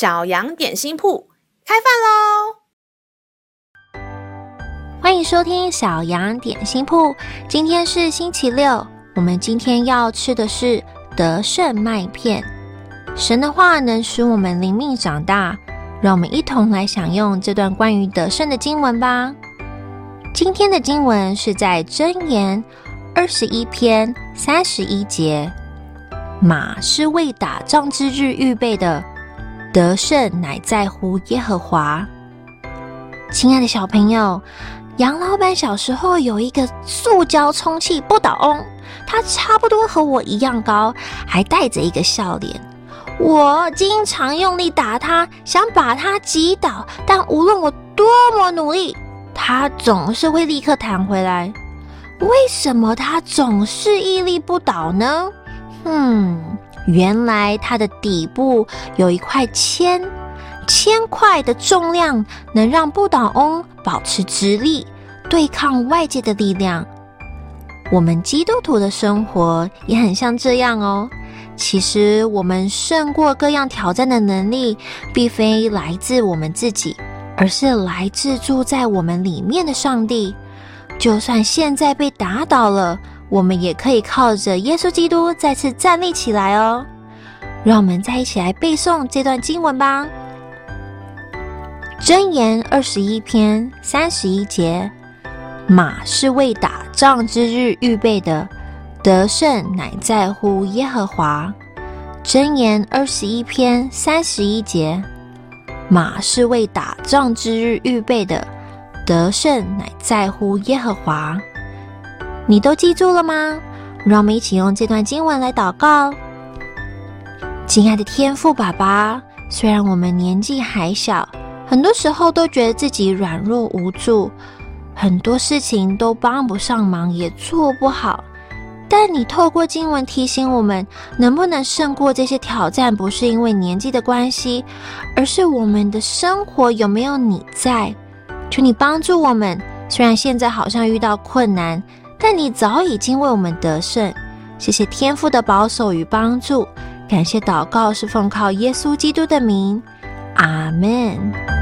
小羊點心鋪開飯嘍！歡迎收聽小羊點心鋪。今天是星期六，我們今天要吃的是得勝麥片。神的話能使我們靈命長大，讓我們一同來享用這段關於得勝的經文吧。今天的經文是在箴言二十一篇三十一節：馬是為打仗之日預備的。得勝乃在乎耶和華。親愛的，小朋友，楊老板小時候有一個塑膠充氣不倒翁，他差不多和我一樣高，還帶着一個笑臉。我經常用力打他，想把他擊倒，但無論我多麼努力，他總是會立刻彈回來。為什麼他總是屹立不倒呢？嗯。原來它的底部有一塊鉛，鉛塊的重量能讓不倒翁保持直立，對抗外界的力量。我們基督徒的生活也很像這樣哦。其實，我們勝過各樣挑戰的能力，並非來自我們自己，而是來自住在我們裡面的上帝。就算現在被打倒了。我們也可以靠着耶穌基督再次站立起來哦！讓我們再一起來背誦這段經文吧。箴言二十一篇三十一節：馬是為打仗之日預備的，得勝乃在乎耶和華。箴言二十一篇三十一節：馬是為打仗之日預備的，得勝乃在乎耶和華。你都記住了嗎？讓我們一起用這段經文來禱告。親愛的天父爸爸，雖然我們年紀還小，很多時候都覺得自己軟弱無助，很多事情都幫不上忙，也做不好。但你透過經文提醒我們，能不能勝過這些挑戰，不是因為年紀的關係，而是我們的生活有沒有你在。求你幫助我們，雖然現在好像遇到困難。但你早已經為我們得勝，謝謝天父的保守與幫助，感謝禱告是奉靠耶穌基督的名，阿門。